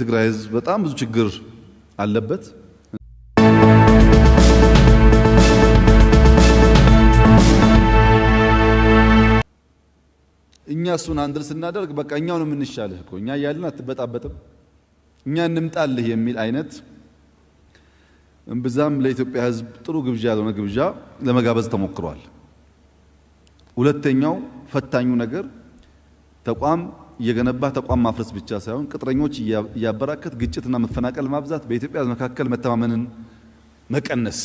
ትግራይ ህዝብ በጣም ብዙ ችግር አለበት። እኛ እሱን አንድል ስናደርግ በቃ እኛው ነው የምንሻልህ እኮ እኛ እያልን አትበጣበጥም፣ እኛ እንምጣልህ የሚል አይነት እምብዛም ለኢትዮጵያ ህዝብ ጥሩ ግብዣ ያልሆነ ግብዣ ለመጋበዝ ተሞክሯል። ሁለተኛው ፈታኙ ነገር ተቋም እየገነባ ተቋም ማፍረስ ብቻ ሳይሆን ቅጥረኞች እያበራከት ግጭትና መፈናቀል ማብዛት በኢትዮጵያ መካከል መተማመንን መቀነስ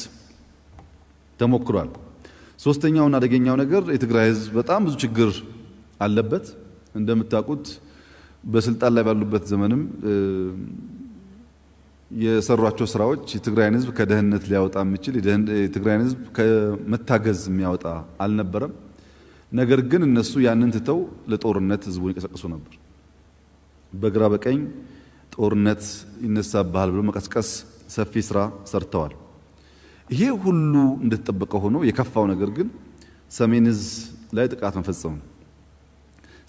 ተሞክሯል። ሶስተኛውና አደገኛው ነገር የትግራይ ህዝብ በጣም ብዙ ችግር አለበት። እንደምታውቁት በስልጣን ላይ ባሉበት ዘመንም የሰሯቸው ስራዎች የትግራይን ህዝብ ከደህንነት ሊያወጣ የሚችል የትግራይን ህዝብ ከመታገዝ የሚያወጣ አልነበረም። ነገር ግን እነሱ ያንን ትተው ለጦርነት ህዝቡን ይቀሰቅሱ ነበር። በግራ በቀኝ ጦርነት ይነሳብሃል ብሎ መቀስቀስ ሰፊ ስራ ሰርተዋል። ይሄ ሁሉ እንደተጠበቀ ሆኖ የከፋው ነገር ግን ሰሜን እዝ ላይ ጥቃት መፈጸሙ።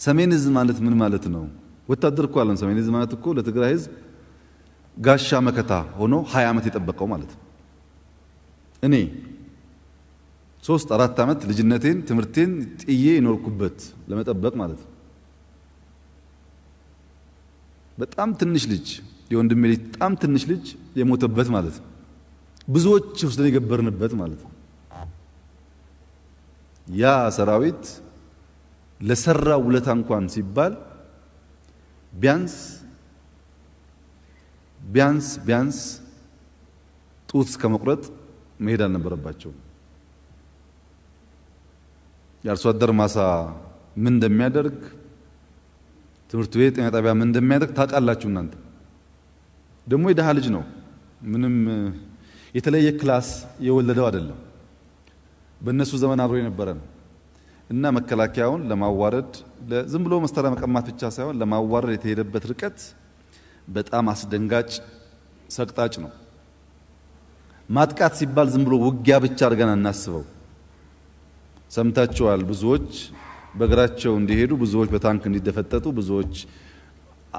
ሰሜን እዝ ማለት ምን ማለት ነው? ወታደር እኮ አለን። ሰሜን እዝ ማለት እኮ ለትግራይ ህዝብ ጋሻ መከታ ሆኖ ሀያ ዓመት የጠበቀው ማለት ነው። እኔ ሶስት አራት ዓመት ልጅነቴን ትምህርቴን ጥዬ ይኖርኩበት ለመጠበቅ ማለት ነው። በጣም ትንሽ ልጅ የወንድሜ ልጅ በጣም ትንሽ ልጅ የሞተበት ማለት ነው። ብዙዎች ውስጥ የገበርንበት ማለት ነው። ያ ሰራዊት ለሰራ ውለታ እንኳን ሲባል ቢያንስ ቢያንስ ቢያንስ ጡት እስከ መቁረጥ መሄድ አልነበረባቸውም። የአርሶ አደር ማሳ ምን እንደሚያደርግ ትምህርት ቤት፣ ጤና ጣቢያ ምን እንደሚያደርግ ታውቃላችሁ። እናንተ ደግሞ የድሃ ልጅ ነው። ምንም የተለየ ክላስ የወለደው አይደለም። በእነሱ ዘመን አብሮ የነበረ ነው እና መከላከያውን ለማዋረድ ዝም ብሎ መስተራ መቀማት ብቻ ሳይሆን ለማዋረድ የተሄደበት ርቀት በጣም አስደንጋጭ ሰቅጣጭ ነው። ማጥቃት ሲባል ዝም ብሎ ውጊያ ብቻ አድርገን አናስበው። ሰምታችኋል። ብዙዎች በእግራቸው እንዲሄዱ፣ ብዙዎች በታንክ እንዲደፈጠጡ፣ ብዙዎች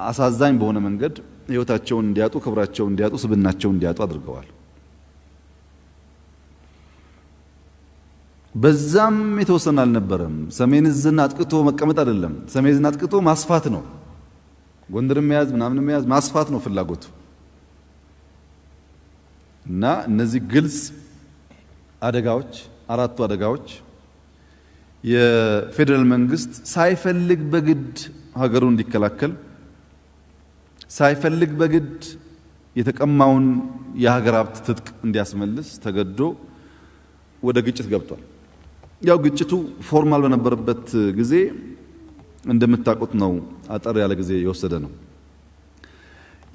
አሳዛኝ በሆነ መንገድ ህይወታቸውን እንዲያጡ፣ ክብራቸውን እንዲያጡ፣ ስብናቸውን እንዲያጡ አድርገዋል። በዛም የተወሰነ አልነበረም። ሰሜን ዕዝን አጥቅቶ መቀመጥ አይደለም፣ ሰሜን ዕዝን አጥቅቶ ማስፋት ነው። ጎንደርን መያዝ ምናምን መያዝ ማስፋት ነው ፍላጎቱ እና እነዚህ ግልጽ አደጋዎች አራቱ አደጋዎች የፌዴራል መንግስት ሳይፈልግ በግድ ሀገሩን እንዲከላከል ሳይፈልግ በግድ የተቀማውን የሀገር ሀብት ትጥቅ እንዲያስመልስ ተገዶ ወደ ግጭት ገብቷል። ያው ግጭቱ ፎርማል በነበረበት ጊዜ እንደምታውቁት ነው፣ አጠር ያለ ጊዜ የወሰደ ነው።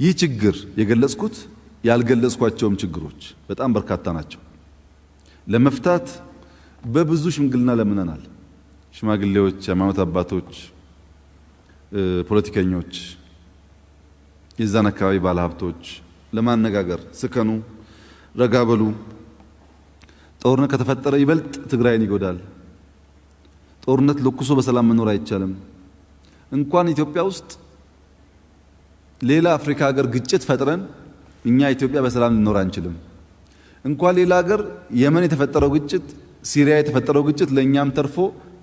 ይህ ችግር የገለጽኩት ያልገለጽኳቸውም ችግሮች በጣም በርካታ ናቸው። ለመፍታት በብዙ ሽምግልና ለምነናል። ሽማግሌዎች፣ የሃይማኖት አባቶች፣ ፖለቲከኞች፣ የዛን አካባቢ ባለሀብቶች ለማነጋገር ስከኑ፣ ረጋ በሉ፣ ጦርነት ከተፈጠረ ይበልጥ ትግራይን ይጎዳል፣ ጦርነት ለኩሶ በሰላም መኖር አይቻልም። እንኳን ኢትዮጵያ ውስጥ ሌላ አፍሪካ ሀገር ግጭት ፈጥረን እኛ ኢትዮጵያ በሰላም ልኖር አንችልም። እንኳን ሌላ ሀገር የመን የተፈጠረው ግጭት ሲሪያ የተፈጠረው ግጭት ለእኛም ተርፎ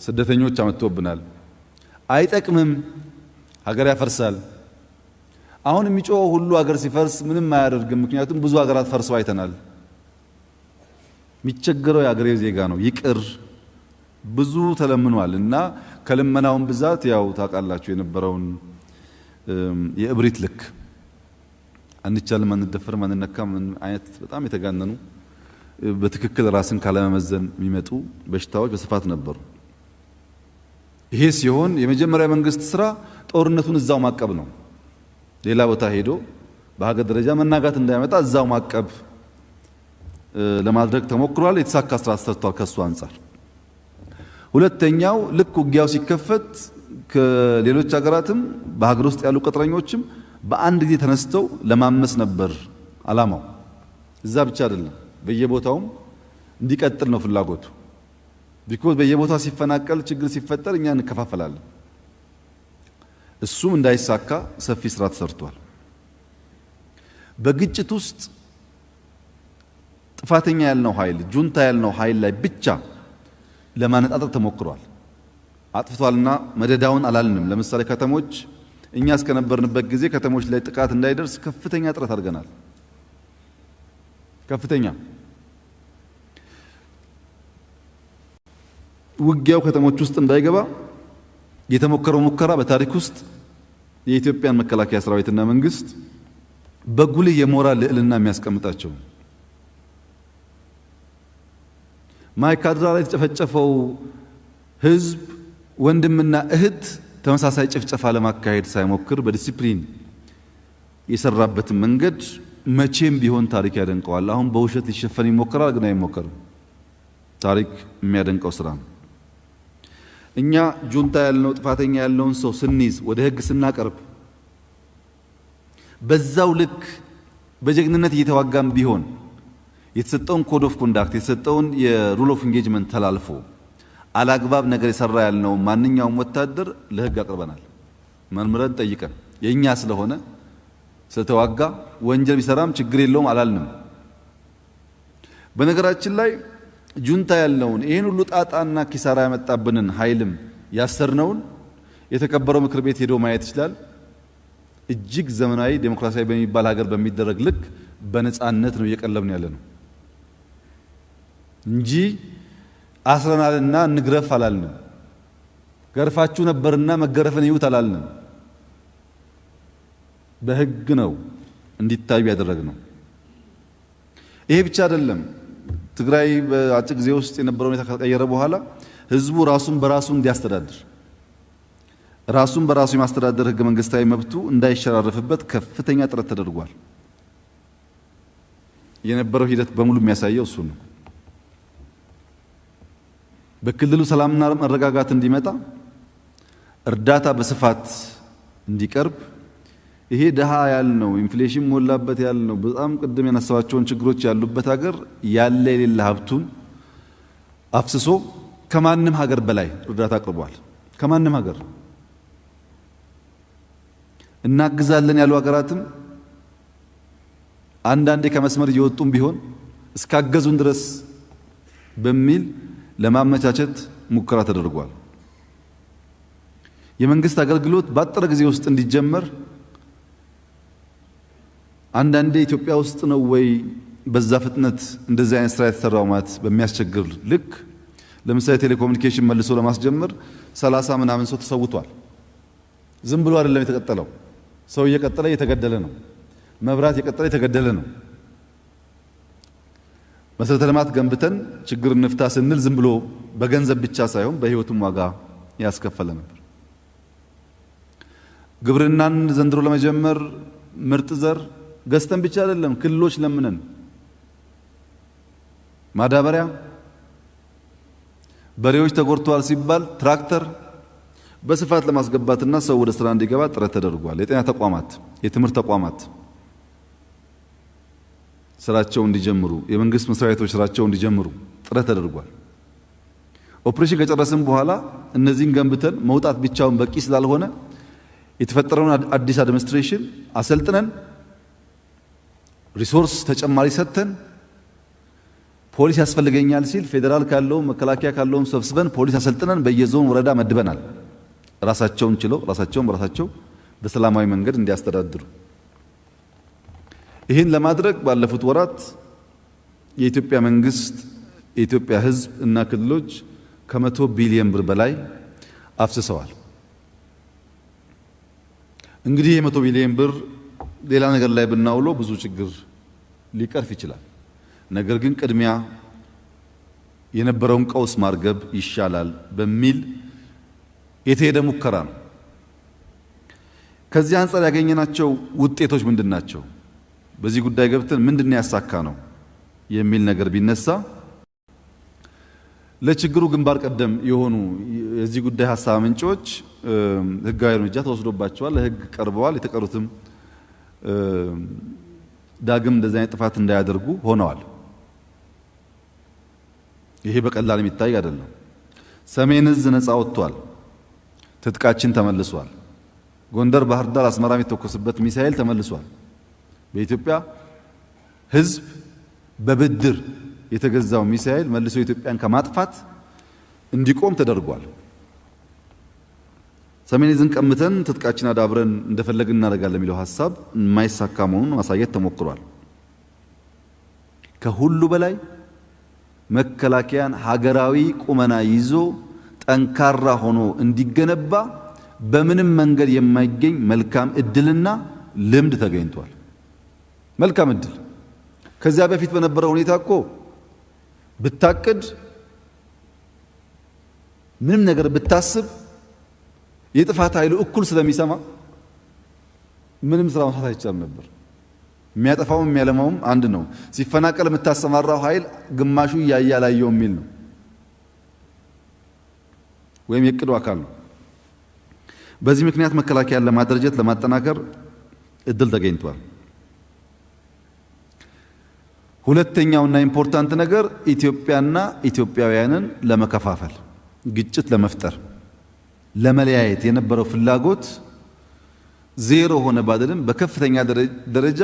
ስደተኞች አመጥቶብናል። አይጠቅምም፣ ሀገር ያፈርሳል። አሁን የሚጮኸው ሁሉ ሀገር ሲፈርስ ምንም አያደርግም። ምክንያቱም ብዙ ሀገራት ፈርሰው አይተናል። የሚቸገረው የአገሬ ዜጋ ነው። ይቅር ብዙ ተለምኗል እና ከልመናውን ብዛት ያው ታውቃላችሁ የነበረውን የእብሪት ልክ አንቻልም፣ አንደፈርም፣ አንነካም አይነት በጣም የተጋነኑ በትክክል ራስን ካለመመዘን የሚመጡ በሽታዎች በስፋት ነበሩ። ይሄ ሲሆን የመጀመሪያ መንግስት ስራ ጦርነቱን እዛው ማቀብ ነው። ሌላ ቦታ ሄዶ በሀገር ደረጃ መናጋት እንዳይመጣ እዛው ማቀብ ለማድረግ ተሞክሯል። የተሳካ ስራ ተሰርቷል ከሱ አንጻር። ሁለተኛው ልክ ውጊያው ሲከፈት ከሌሎች ሀገራትም በሀገር ውስጥ ያሉ ቅጥረኞችም በአንድ ጊዜ ተነስተው ለማመስ ነበር አላማው። እዛ ብቻ አይደለም። በየቦታውም እንዲቀጥል ነው ፍላጎቱ። ቢኮዝ በየቦታው ሲፈናቀል ችግር ሲፈጠር እኛ እንከፋፈላለን። እሱም እንዳይሳካ ሰፊ ስራ ተሰርቷል። በግጭት ውስጥ ጥፋተኛ ያልነው ኃይል ጁንታ ያልነው ኃይል ላይ ብቻ ለማነጣጠር ተሞክሯል። አጥፍቷልና መደዳውን አላልንም። ለምሳሌ ከተሞች እኛ እስከነበርንበት ጊዜ ከተሞች ላይ ጥቃት እንዳይደርስ ከፍተኛ ጥረት አድርገናል። ከፍተኛ ውጊያው ከተሞች ውስጥ እንዳይገባ የተሞከረው ሙከራ በታሪክ ውስጥ የኢትዮጵያን መከላከያ ሰራዊትና መንግስት በጉልህ የሞራል ልዕልና የሚያስቀምጣቸው ማይካድራ ላይ የተጨፈጨፈው ህዝብ ወንድምና እህት ተመሳሳይ ጭፍጨፋ ለማካሄድ ሳይሞክር በዲሲፕሊን የሰራበትን መንገድ መቼም ቢሆን ታሪክ ያደንቀዋል። አሁን በውሸት ሊሸፈን ይሞከራል፣ ግን አይሞከርም። ታሪክ የሚያደንቀው ስራ ነው። እኛ ጁንታ ያልነው ጥፋተኛ ያለውን ሰው ስንይዝ፣ ወደ ህግ ስናቀርብ፣ በዛው ልክ በጀግንነት እየተዋጋም ቢሆን የተሰጠውን ኮድ ኦፍ ኮንዳክት የተሰጠውን የሩል ኦፍ ኢንጌጅመንት ተላልፎ አላግባብ ነገር የሰራ ያልነው ማንኛውም ወታደር ለህግ አቅርበናል፣ መርምረን ጠይቀን የእኛ ስለሆነ ስለተዋጋ ወንጀል ቢሰራም ችግር የለውም አላልንም። በነገራችን ላይ ጁንታ ያልነውን ይህን ሁሉ ጣጣና ኪሳራ ያመጣብንን ኃይልም ያሰርነውን የተከበረው ምክር ቤት ሄዶ ማየት ይችላል። እጅግ ዘመናዊ ዴሞክራሲያዊ በሚባል ሀገር በሚደረግ ልክ በነፃነት ነው እየቀለብን ያለ ነው እንጂ አስረናልና እንግረፍ አላልንም። ገርፋችሁ ነበርና መገረፍን ይዩት አላልንም። በህግ ነው እንዲታዩ ያደረግ ነው። ይሄ ብቻ አይደለም። ትግራይ በአጭር ጊዜ ውስጥ የነበረው ሁኔታ ከተቀየረ በኋላ ህዝቡ ራሱን በራሱ እንዲያስተዳድር ራሱን በራሱ የማስተዳደር ህገ መንግስታዊ መብቱ እንዳይሸራረፍበት ከፍተኛ ጥረት ተደርጓል። የነበረው ሂደት በሙሉ የሚያሳየው እሱ ነው። በክልሉ ሰላምና መረጋጋት እንዲመጣ እርዳታ በስፋት እንዲቀርብ ይሄ ድሃ ያልነው ኢንፍሌሽን ሞላበት ያልነው በጣም ቅድም ያነሳባቸውን ችግሮች ያሉበት ሀገር ያለ የሌለ ሀብቱን አፍስሶ ከማንም ሀገር በላይ እርዳታ አቅርቧል። ከማንም ሀገር እናግዛለን ያሉ ሀገራትም አንዳንዴ ከመስመር እየወጡም ቢሆን እስካገዙን ድረስ በሚል ለማመቻቸት ሙከራ ተደርጓል። የመንግስት አገልግሎት ባጠረ ጊዜ ውስጥ እንዲጀመር አንዳንዴ ኢትዮጵያ ውስጥ ነው ወይ በዛ ፍጥነት እንደዚህ አይነት ስራ የተሰራው ማለት በሚያስቸግር ልክ ለምሳሌ ቴሌኮሙኒኬሽን መልሶ ለማስጀመር ሰላሳ ምናምን ሰው ተሰውቷል። ዝም ብሎ አይደለም የተቀጠለው። ሰው እየቀጠለ እየተገደለ ነው። መብራት እየቀጠለ እየተገደለ ነው። መሰረተ ልማት ገንብተን ችግር እንፍታ ስንል ዝም ብሎ በገንዘብ ብቻ ሳይሆን በሕይወቱም ዋጋ ያስከፈለ ነበር። ግብርናን ዘንድሮ ለመጀመር ምርጥ ዘር ገዝተን ብቻ አይደለም ክልሎች ለምነን ማዳበሪያ፣ በሬዎች ተጎድተዋል ሲባል ትራክተር በስፋት ለማስገባትና ሰው ወደ ስራ እንዲገባ ጥረት ተደርጓል። የጤና ተቋማት፣ የትምህርት ተቋማት ስራቸው እንዲጀምሩ፣ የመንግስት መስሪያ ቤቶች ስራቸው እንዲጀምሩ ጥረት ተደርጓል። ኦፕሬሽን ከጨረስን በኋላ እነዚህን ገንብተን መውጣት ብቻውን በቂ ስላልሆነ የተፈጠረውን አዲስ አድሚኒስትሬሽን አሰልጥነን ሪሶርስ ተጨማሪ ሰጥተን ፖሊስ ያስፈልገኛል ሲል ፌዴራል ካለውም መከላከያ ካለውም ሰብስበን ፖሊስ አሰልጥነን በየዞን ወረዳ መድበናል። ራሳቸውን ችለው ራሳቸውን በራሳቸው በሰላማዊ መንገድ እንዲያስተዳድሩ። ይህን ለማድረግ ባለፉት ወራት የኢትዮጵያ መንግስት፣ የኢትዮጵያ ሕዝብ እና ክልሎች ከመቶ ቢሊዮን ብር በላይ አፍስሰዋል። እንግዲህ የመቶ ቢሊዮን ብር ሌላ ነገር ላይ ብናውለው ብዙ ችግር ሊቀርፍ ይችላል። ነገር ግን ቅድሚያ የነበረውን ቀውስ ማርገብ ይሻላል በሚል የተሄደ ሙከራ ነው። ከዚህ አንጻር ያገኘናቸው ውጤቶች ምንድን ናቸው? በዚህ ጉዳይ ገብተን ምንድን ያሳካ ነው የሚል ነገር ቢነሳ ለችግሩ ግንባር ቀደም የሆኑ የዚህ ጉዳይ ሀሳብ ምንጮች ህጋዊ እርምጃ ተወስዶባቸዋል፣ ለህግ ቀርበዋል። የተቀሩትም ዳግም እንደዚህ አይነት ጥፋት እንዳያደርጉ ሆነዋል። ይሄ በቀላል የሚታይ አይደለም። ሰሜን እዝ ነፃ ወጥቷል። ትጥቃችን ተመልሷል። ጎንደር፣ ባህር ዳር፣ አስመራ የሚተኮስበት ሚሳኤል ተመልሷል። በኢትዮጵያ ሕዝብ በብድር የተገዛው ሚሳኤል መልሶ ኢትዮጵያን ከማጥፋት እንዲቆም ተደርጓል። ሰሜን ዕዝን ቀምተን ትጥቃችን አዳብረን እንደፈለግን እናደርጋለን የሚለው ሀሳብ የማይሳካ መሆኑን ማሳየት ተሞክሯል። ከሁሉ በላይ መከላከያን ሀገራዊ ቁመና ይዞ ጠንካራ ሆኖ እንዲገነባ በምንም መንገድ የማይገኝ መልካም እድልና ልምድ ተገኝቷል። መልካም እድል ከዚያ በፊት በነበረው ሁኔታ እኮ ብታቅድ ምንም ነገር ብታስብ የጥፋት ኃይሉ እኩል ስለሚሰማ ምንም ስራ መስራት አይቻልም ነበር። የሚያጠፋውም የሚያለማውም አንድ ነው። ሲፈናቀል የምታሰማራው ኃይል ግማሹ እያየ አላየው የሚል ነው፣ ወይም የእቅዱ አካል ነው። በዚህ ምክንያት መከላከያን ለማደራጀት ለማጠናከር እድል ተገኝቷል። ሁለተኛውና ኢምፖርታንት ነገር ኢትዮጵያና ኢትዮጵያውያንን ለመከፋፈል ግጭት ለመፍጠር ለመለያየት የነበረው ፍላጎት ዜሮ ሆነ ባደለም በከፍተኛ ደረጃ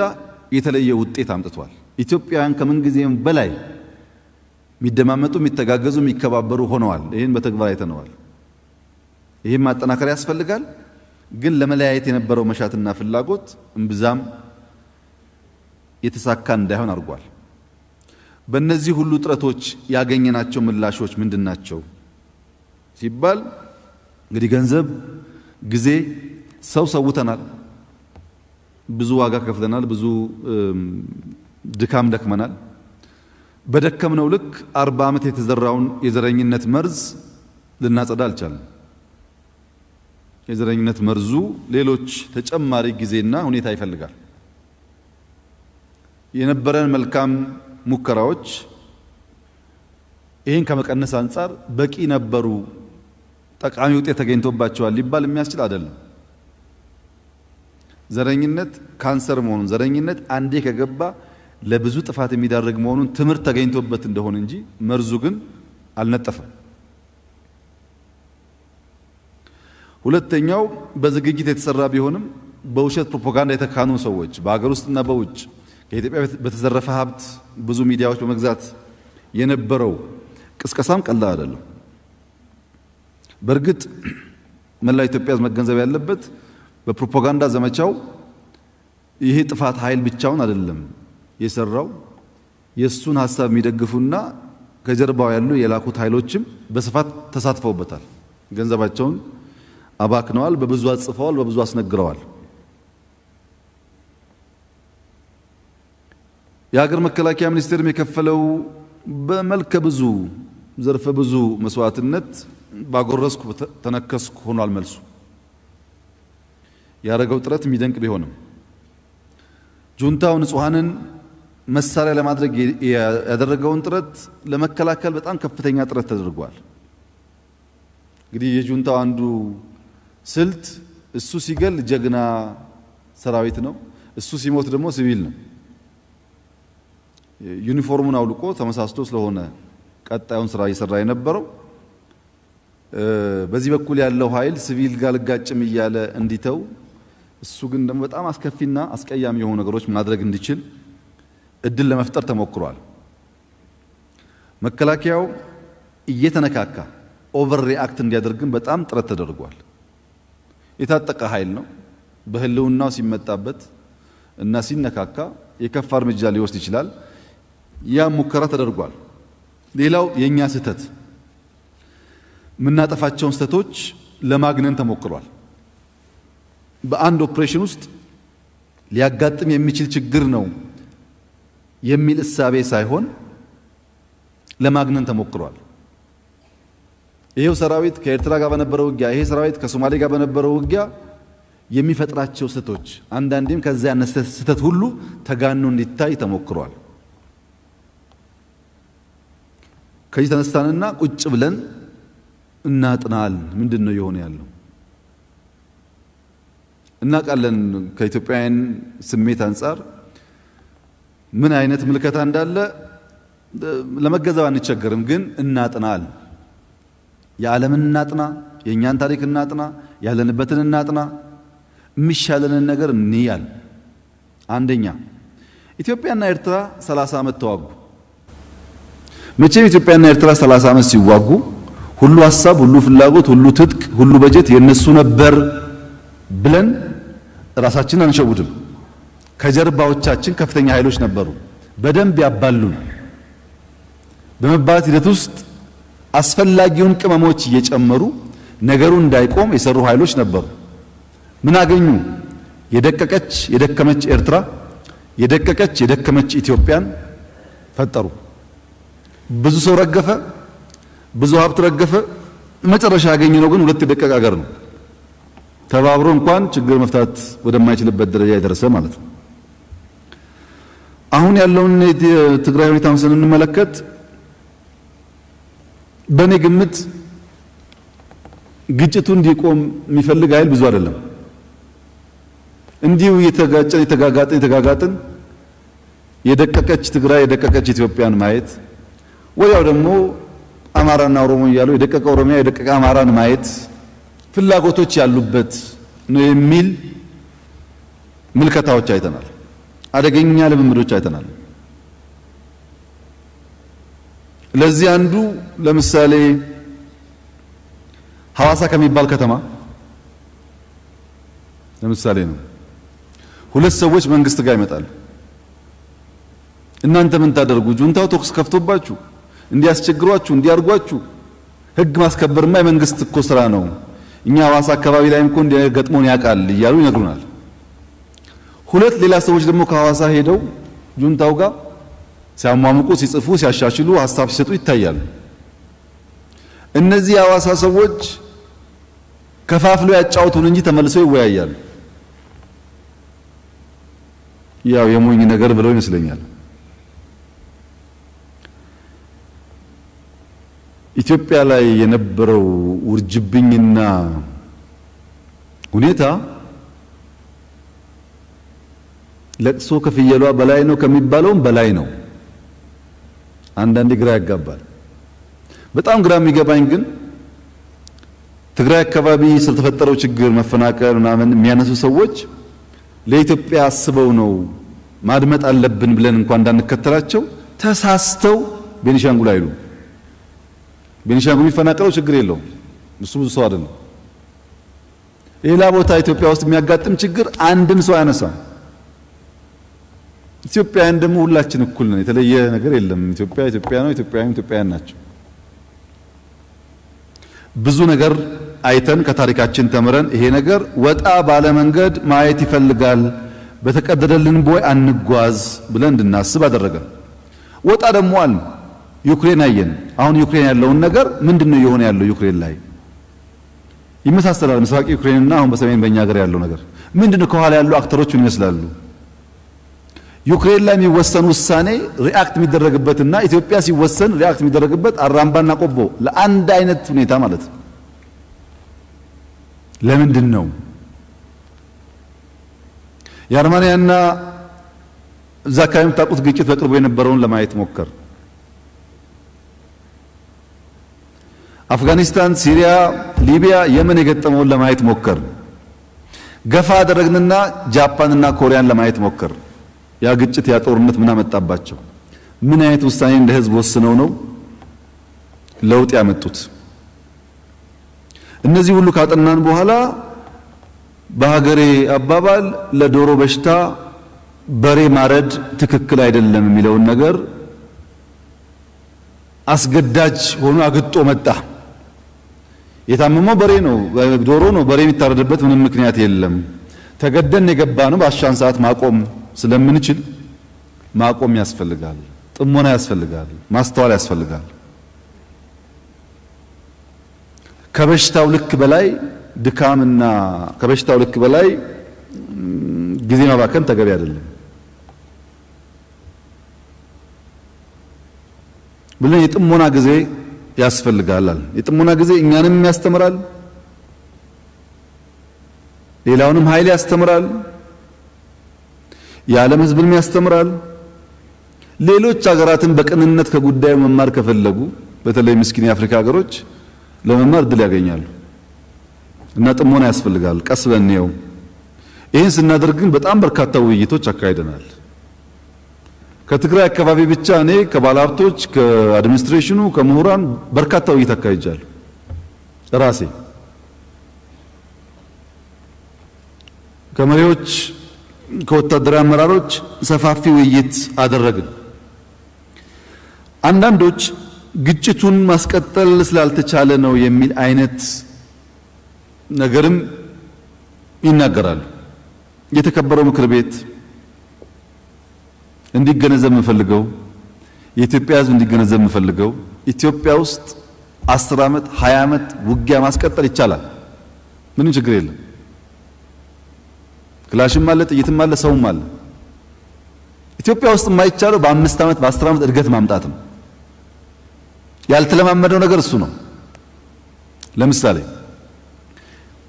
የተለየ ውጤት አምጥቷል። ኢትዮጵያውያን ከምንጊዜም በላይ የሚደማመጡ፣ የሚተጋገዙ፣ የሚከባበሩ ሆነዋል። ይህን በተግባር አይተነዋል። ይህም ማጠናከር ያስፈልጋል። ግን ለመለያየት የነበረው መሻትና ፍላጎት እምብዛም የተሳካ እንዳይሆን አድርጓል። በእነዚህ ሁሉ ጥረቶች ያገኘናቸው ምላሾች ምንድን ናቸው ሲባል እንግዲህ ገንዘብ፣ ጊዜ፣ ሰው ሰውተናል። ብዙ ዋጋ ከፍለናል። ብዙ ድካም ደክመናል። በደከምነው ልክ አርባ ዓመት የተዘራውን የዘረኝነት መርዝ ልናጸዳ አልቻለም። የዘረኝነት መርዙ ሌሎች ተጨማሪ ጊዜና ሁኔታ ይፈልጋል። የነበረን መልካም ሙከራዎች ይህን ከመቀነስ አንጻር በቂ ነበሩ ጠቃሚ ውጤት ተገኝቶባቸዋል ሊባል የሚያስችል አይደለም። ዘረኝነት ካንሰር መሆኑን ዘረኝነት አንዴ ከገባ ለብዙ ጥፋት የሚዳርግ መሆኑን ትምህርት ተገኝቶበት እንደሆነ እንጂ መርዙ ግን አልነጠፈም። ሁለተኛው በዝግጅት የተሰራ ቢሆንም በውሸት ፕሮፓጋንዳ የተካኑ ሰዎች በሀገር ውስጥና በውጭ ከኢትዮጵያ በተዘረፈ ሀብት ብዙ ሚዲያዎች በመግዛት የነበረው ቅስቀሳም ቀላል አይደለም። በእርግጥ መላ ኢትዮጵያ መገንዘብ ያለበት በፕሮፓጋንዳ ዘመቻው ይሄ ጥፋት ኃይል ብቻውን አይደለም የሰራው። የእሱን ሀሳብ የሚደግፉና ከጀርባው ያሉ የላኩት ኃይሎችም በስፋት ተሳትፈውበታል። ገንዘባቸውን አባክነዋል፣ በብዙ አጽፈዋል፣ በብዙ አስነግረዋል። የሀገር መከላከያ ሚኒስቴርም የከፈለው በመልከ ብዙ ዘርፈ ብዙ መስዋዕትነት ባጎረስኩ ተነከስኩ ሆኗል መልሱ። ያደረገው ጥረት የሚደንቅ ቢሆንም ጁንታው ንጹሐንን መሳሪያ ለማድረግ ያደረገውን ጥረት ለመከላከል በጣም ከፍተኛ ጥረት ተደርጓል። እንግዲህ የጁንታው አንዱ ስልት እሱ ሲገል ጀግና ሰራዊት ነው፣ እሱ ሲሞት ደግሞ ሲቪል ነው። ዩኒፎርሙን አውልቆ ተመሳስቶ ስለሆነ ቀጣዩን ስራ እየሰራ የነበረው በዚህ በኩል ያለው ኃይል ሲቪል ጋር ልጋጭም እያለ እንዲተው እሱ ግን ደግሞ በጣም አስከፊና አስቀያሚ የሆኑ ነገሮች ማድረግ እንዲችል እድል ለመፍጠር ተሞክሯል። መከላከያው እየተነካካ ኦቨር ሪአክት እንዲያደርግን በጣም ጥረት ተደርጓል። የታጠቀ ኃይል ነው። በህልውናው ሲመጣበት እና ሲነካካ የከፋ እርምጃ ሊወስድ ይችላል። ያ ሙከራ ተደርጓል። ሌላው የእኛ ስህተት የምናጠፋቸውን ስህተቶች ለማግነን ተሞክሯል። በአንድ ኦፕሬሽን ውስጥ ሊያጋጥም የሚችል ችግር ነው የሚል እሳቤ ሳይሆን ለማግነን ተሞክሯል። ይሄው ሰራዊት ከኤርትራ ጋር በነበረው ውጊያ፣ ይሄ ሰራዊት ከሶማሌ ጋር በነበረው ውጊያ የሚፈጥራቸው ስህተቶች አንዳንዴም ከዚያ ያነሰ ስህተት ሁሉ ተጋኖ እንዲታይ ተሞክሯል። ከዚህ ተነስታንና ቁጭ ብለን እናጥናል ምንድን ነው የሆነ ያለው? እናውቃለን ከኢትዮጵያውያን ስሜት አንጻር ምን አይነት ምልከታ እንዳለ ለመገዛብ አንቸገርም፣ ግን እናጥናል። የዓለምን እናጥና፣ የእኛን ታሪክ እናጥና፣ ያለንበትን እናጥና፣ የሚሻለንን ነገር እንያል። አንደኛ ኢትዮጵያና ኤርትራ 30 ዓመት ተዋጉ። መቼም ኢትዮጵያና ኤርትራ 30 ዓመት ሲዋጉ ሁሉ ሀሳብ፣ ሁሉ ፍላጎት፣ ሁሉ ትጥቅ፣ ሁሉ በጀት የነሱ ነበር ብለን ራሳችን አንሸውድም። ከጀርባዎቻችን ከፍተኛ ኃይሎች ነበሩ፣ በደንብ ያባሉን። በመባላት ሂደት ውስጥ አስፈላጊውን ቅመሞች እየጨመሩ ነገሩ እንዳይቆም የሰሩ ኃይሎች ነበሩ። ምን አገኙ? የደቀቀች የደከመች ኤርትራ፣ የደቀቀች የደከመች ኢትዮጵያን ፈጠሩ። ብዙ ሰው ረገፈ። ብዙ ሀብት ረገፈ። መጨረሻ ያገኘነው ግን ሁለት የደቀቅ ሀገር ነው። ተባብሮ እንኳን ችግር መፍታት ወደማይችልበት ደረጃ የደረሰ ማለት ነው። አሁን ያለውን የትግራይ ሁኔታን ስንመለከት በእኔ ግምት ግጭቱ እንዲቆም የሚፈልግ ኃይል ብዙ አይደለም። እንዲሁ የተጋጨን የተጋጋጥን የተጋጋጥን የደቀቀች ትግራይ የደቀቀች ኢትዮጵያን ማየት ወዲያው ደግሞ አማራና ኦሮሞ እያሉ የደቀቀ ኦሮሚያ የደቀቀ አማራን ማየት ፍላጎቶች ያሉበት ነው የሚል ምልከታዎች አይተናል። አደገኛ ልምምዶች አይተናል። ለዚህ አንዱ ለምሳሌ ሐዋሳ ከሚባል ከተማ ለምሳሌ ነው። ሁለት ሰዎች መንግስት ጋር ይመጣሉ። እናንተ ምን ታደርጉ? ጁንታው ተኩስ ከፍቶባችሁ እንዲያስቸግሯችሁ እንዲያርጓችሁ ህግ ማስከበርማ የመንግስት እኮ ስራ ነው። እኛ ሐዋሳ አካባቢ ላይም እኮ ገጥሞን ያውቃል እያሉ ይነግሩናል። ሁለት ሌላ ሰዎች ደግሞ ከሐዋሳ ሄደው ጁንታው ጋር ሲያሟምቁ ሲጽፉ፣ ሲያሻሽሉ፣ ሀሳብ ሲሰጡ ይታያሉ። እነዚህ የሐዋሳ ሰዎች ከፋፍለው ያጫውቱን እንጂ ተመልሰው ይወያያሉ። ያው የሞኝ ነገር ብለው ይመስለኛል። ኢትዮጵያ ላይ የነበረው ውርጅብኝና ሁኔታ ለቅሶ ከፍየሏ በላይ ነው ከሚባለውም በላይ ነው። አንዳንዴ ግራ ያጋባል። በጣም ግራ የሚገባኝ ግን ትግራይ አካባቢ ስለተፈጠረው ችግር መፈናቀል ምናምን የሚያነሱ ሰዎች ለኢትዮጵያ አስበው ነው ማድመጥ አለብን ብለን እንኳን እንዳንከተላቸው ተሳስተው ቤኒሻንጉል አይሉም። ቤኒሻንጉል የሚፈናቀለው ችግር የለውም። እሱ ብዙ ሰው አይደለም። ሌላ ቦታ ኢትዮጵያ ውስጥ የሚያጋጥም ችግር አንድም ሰው አያነሳም። ኢትዮጵያውያን ደግሞ ሁላችን እኩል ነን። የተለየ ነገር የለም። ኢትዮጵያ ኢትዮጵያ ነው። ኢትዮጵያውያን ኢትዮጵያውያን ናቸው። ብዙ ነገር አይተን ከታሪካችን ተምረን ይሄ ነገር ወጣ ባለ መንገድ ማየት ይፈልጋል፣ በተቀደደልን ቦይ አንጓዝ ብለን እንድናስብ አደረገ። ወጣ ደግሞ አለ ዩክሬን አየን። አሁን ዩክሬን ያለውን ነገር ምንድነው የሆነ ያለው ዩክሬን ላይ ይመሳሰላል። ምስራቅ ዩክሬንና አሁን በሰሜን በእኛ ሀገር ያለው ነገር ምንድነው? ከኋላ ያሉ አክተሮች ምን ይመስላሉ? ዩክሬን ላይ የሚወሰን ውሳኔ ሪአክት የሚደረግበትና ኢትዮጵያ ሲወሰን ሪአክት የሚደረግበት አራምባና ቆቦ ለአንድ አይነት ሁኔታ ማለት ነው። ለምንድን ነው የአርማንያና እዛ አካባቢ የምታውቁት ግጭት በቅርቡ የነበረውን ለማየት ሞከር አፍጋኒስታን፣ ሲሪያ፣ ሊቢያ፣ የመን የገጠመውን ለማየት ሞከር። ገፋ አደረግንና ጃፓንና ኮሪያን ለማየት ሞከር። ያ ግጭት ያ ጦርነት ምን አመጣባቸው? ምን አይነት ውሳኔ እንደ ህዝብ ወስነው ነው ለውጥ ያመጡት? እነዚህ ሁሉ ካጠናን በኋላ በሀገሬ አባባል ለዶሮ በሽታ በሬ ማረድ ትክክል አይደለም የሚለውን ነገር አስገዳጅ ሆኖ አግጦ መጣ። የታመመው በሬ ነው፣ ዶሮ ነው። በሬ የሚታረድበት ምንም ምክንያት የለም። ተገደን የገባ ነው። በአሻን ሰዓት ማቆም ስለምንችል ማቆም ያስፈልጋል። ጥሞና ያስፈልጋል። ማስተዋል ያስፈልጋል። ከበሽታው ልክ በላይ ድካምና ከበሽታው ልክ በላይ ጊዜ ማባከን ተገቢ አይደለም ብለን የጥሞና ጊዜ ያስፈልጋል። የጥሞና ጊዜ እኛንም ያስተምራል፣ ሌላውንም ኃይል ያስተምራል፣ የዓለም ሕዝብንም ያስተምራል። ሌሎች ሀገራትን በቅንነት ከጉዳዩ መማር ከፈለጉ በተለይ ምስኪን የአፍሪካ ሀገሮች ለመማር እድል ያገኛሉ እና ጥሞና ያስፈልጋል። ቀስ በእንየው። ይህን ስናደርግ ግን በጣም በርካታ ውይይቶች አካሂደናል። ከትግራይ አካባቢ ብቻ እኔ ከባለሀብቶች፣ ከአድሚኒስትሬሽኑ፣ ከምሁራን በርካታ ውይይት አካሂጃለሁ ራሴ ከመሪዎች ከወታደራዊ አመራሮች ሰፋፊ ውይይት አደረግን። አንዳንዶች ግጭቱን ማስቀጠል ስላልተቻለ ነው የሚል አይነት ነገርም ይናገራሉ። የተከበረው ምክር ቤት እንዲገነዘብ የምፈልገው የኢትዮጵያ ሕዝብ እንዲገነዘብ የምፈልገው ኢትዮጵያ ውስጥ አስር ዓመት ሃያ ዓመት ውጊያ ማስቀጠል ይቻላል። ምንም ችግር የለም። ክላሽም አለ፣ ጥይትም አለ፣ ሰውም አለ። ኢትዮጵያ ውስጥ የማይቻለው በአምስት ዓመት በአስር ዓመት እድገት ማምጣት ነው። ያልተለማመደው ነገር እሱ ነው። ለምሳሌ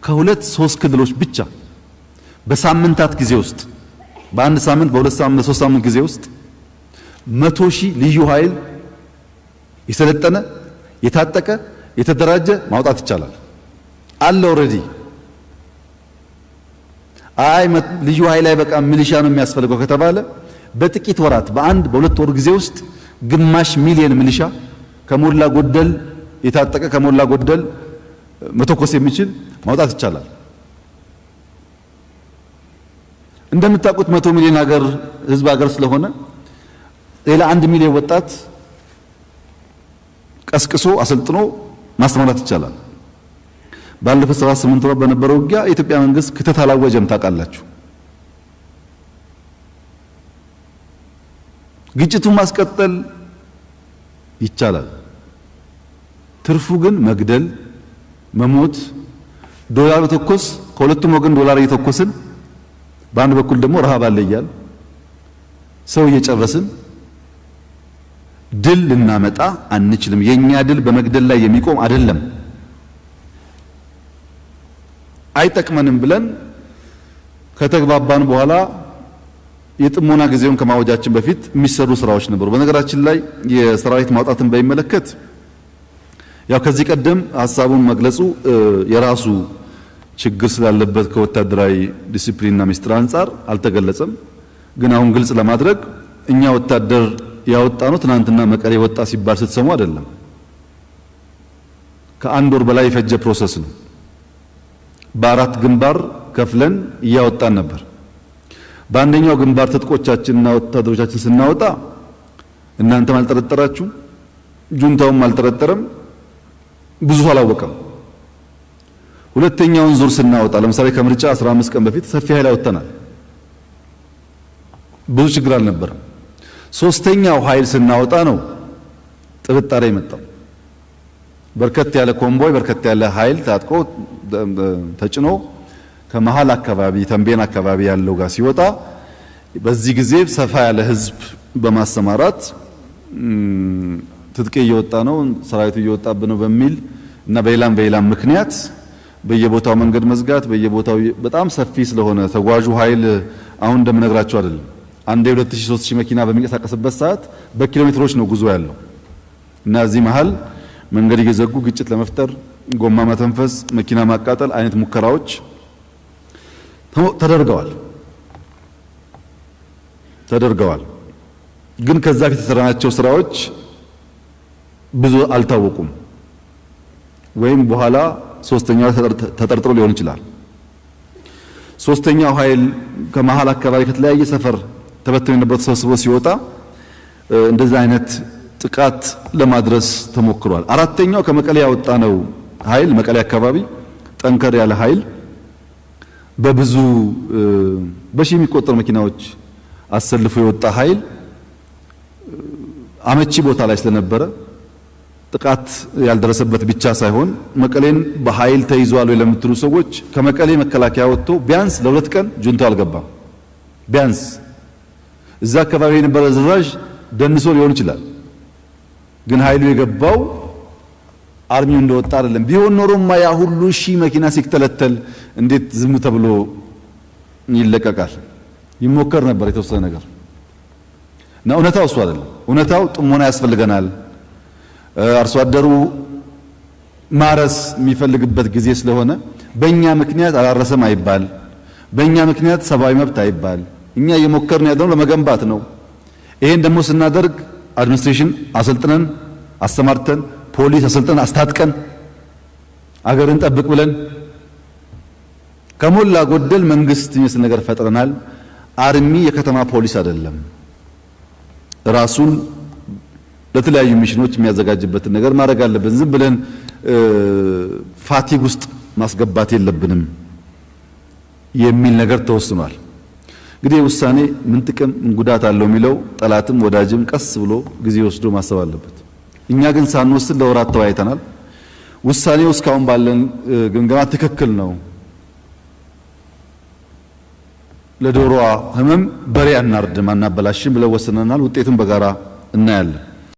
ከሁለት ሶስት ክልሎች ብቻ በሳምንታት ጊዜ ውስጥ በአንድ ሳምንት፣ በሁለት ሳምንት፣ በሶስት ሳምንት ጊዜ ውስጥ መቶ ሺህ ልዩ ኃይል የሰለጠነ የታጠቀ የተደራጀ ማውጣት ይቻላል። አለ ኦልሬዲ። አይ ልዩ ኃይል አይ በቃ ሚሊሻ ነው የሚያስፈልገው ከተባለ በጥቂት ወራት በአንድ በሁለት ወር ጊዜ ውስጥ ግማሽ ሚሊየን ሚሊሻ ከሞላ ጎደል የታጠቀ ከሞላ ጎደል መተኮስ የሚችል ማውጣት ይቻላል። እንደምታውቁት መቶ ሚሊዮን ሀገር ህዝብ ሀገር ስለሆነ ሌላ አንድ ሚሊዮን ወጣት ቀስቅሶ አሰልጥኖ ማስተማራት ይቻላል። ባለፈው ሰባት ስምንት ወራት በነበረው ውጊያ የኢትዮጵያ መንግስት ክተት አላወጀም። ታውቃላችሁ። ግጭቱን ማስቀጠል ይቻላል። ትርፉ ግን መግደል፣ መሞት፣ ዶላር ተኮስ ከሁለቱም ወገን ዶላር እየተኮስን በአንድ በኩል ደግሞ ረሃብ አለ እያል ሰው እየጨረስን ድል ልናመጣ አንችልም። የኛ ድል በመግደል ላይ የሚቆም አይደለም። አይጠቅመንም ብለን ከተግባባን በኋላ የጥሞና ጊዜውን ከማወጃችን በፊት የሚሰሩ ስራዎች ነበሩ። በነገራችን ላይ የሰራዊት ማውጣትን በሚመለከት ያው ከዚህ ቀደም ሀሳቡን መግለጹ የራሱ ችግር ስላለበት ከወታደራዊ ዲሲፕሊንና ሚስጥር አንጻር አልተገለጸም። ግን አሁን ግልጽ ለማድረግ እኛ ወታደር ያወጣ ነው ትናንትና መቀሌ ወጣ ሲባል ስትሰሙ አይደለም። ከአንድ ወር በላይ የፈጀ ፕሮሰስ ነው። በአራት ግንባር ከፍለን እያወጣን ነበር። በአንደኛው ግንባር ትጥቆቻችንና ወታደሮቻችን ስናወጣ እናንተም አልጠረጠራችሁ፣ ጁንታውም አልጠረጠረም፣ ብዙ አላወቀም። ሁለተኛውን ዙር ስናወጣ ለምሳሌ ከምርጫ 15 ቀን በፊት ሰፊ ኃይል አወጥተናል። ብዙ ችግር አልነበረም። ሶስተኛው ኃይል ስናወጣ ነው ጥርጣሬ የመጣው። በርከት ያለ ኮምቦይ በርከት ያለ ኃይል ታጥቆ ተጭኖ ከመሃል አካባቢ ተንቤን አካባቢ ያለው ጋር ሲወጣ በዚህ ጊዜ ሰፋ ያለ ህዝብ በማሰማራት ትጥቄ እየወጣ ነው ሰራዊቱ እየወጣብን ነው በሚል እና በሌላም በሌላም ምክንያት በየቦታው መንገድ መዝጋት በየቦታው በጣም ሰፊ ስለሆነ ተጓዡ ኃይል አሁን እንደምነግራቸው አይደለም። አንዴ 2000 3000 መኪና በሚንቀሳቀስበት ሰዓት በኪሎ ሜትሮች ነው ጉዞ ያለው እና እዚህ መሃል መንገድ እየዘጉ ግጭት ለመፍጠር ጎማ መተንፈስ፣ መኪና ማቃጠል አይነት ሙከራዎች ተደርገዋል ተደርገዋል። ግን ከዛ ፊት የሰራናቸው ስራዎች ብዙ አልታወቁም ወይም በኋላ ሶስተኛው ተጠርጥሮ ሊሆን ይችላል። ሶስተኛው ኃይል ከመሀል አካባቢ ከተለያየ ሰፈር ተበትኖ የነበረ ተሰብስቦ ሲወጣ እንደዛ አይነት ጥቃት ለማድረስ ተሞክሯል። አራተኛው ከመቀሌ ያወጣ ነው ኃይል መቀሌ አካባቢ ጠንከር ያለ ኃይል በብዙ በሺ የሚቆጠሩ መኪናዎች አሰልፎ የወጣ ኃይል አመቺ ቦታ ላይ ስለነበረ ጥቃት ያልደረሰበት ብቻ ሳይሆን መቀሌን በኃይል ተይዟል ወይ ለምትሉ ሰዎች ከመቀሌ መከላከያ ወጥቶ ቢያንስ ለሁለት ቀን ጁንቶ አልገባም። ቢያንስ እዛ አካባቢ የነበረ ዝራዥ ደንሶ ሊሆን ይችላል። ግን ኃይሉ የገባው አርሚው እንደወጣ አይደለም። ቢሆን ኖሮማ ያ ሁሉ ሺህ መኪና ሲተለተል እንዴት ዝም ተብሎ ይለቀቃል? ይሞከር ነበር የተወሰነ ነገር እና እውነታው እሱ አይደለም። እውነታው ጥሞና ያስፈልገናል። አርሶ አደሩ ማረስ የሚፈልግበት ጊዜ ስለሆነ በእኛ ምክንያት አላረሰም አይባል፣ በእኛ ምክንያት ሰብአዊ መብት አይባል። እኛ እየሞከርን ያለነው ለመገንባት ነው። ይሄን ደግሞ ስናደርግ አድሚኒስትሬሽን አሰልጥነን አሰማርተን፣ ፖሊስ አሰልጥነን አስታጥቀን፣ አገርን ጠብቅ ብለን ከሞላ ጎደል መንግስት የሚመስል ነገር ፈጥረናል። አርሚ የከተማ ፖሊስ አይደለም ራሱን ለተለያዩ ሚሽኖች የሚያዘጋጅበትን ነገር ማድረግ አለብን። ዝም ብለን ፋቲግ ውስጥ ማስገባት የለብንም የሚል ነገር ተወስኗል። እንግዲህ ውሳኔ ምን ጥቅም ምን ጉዳት አለው የሚለው ጠላትም ወዳጅም ቀስ ብሎ ጊዜ ወስዶ ማሰብ አለበት። እኛ ግን ሳንወስድ ለወራት ተወያይተናል። ውሳኔው እስካሁን ባለን ግምገማ ትክክል ነው። ለዶሮዋ ህመም በሬ አናርድም፣ አናበላሽም ብለ ወስነናል። ውጤቱን በጋራ እናያለን።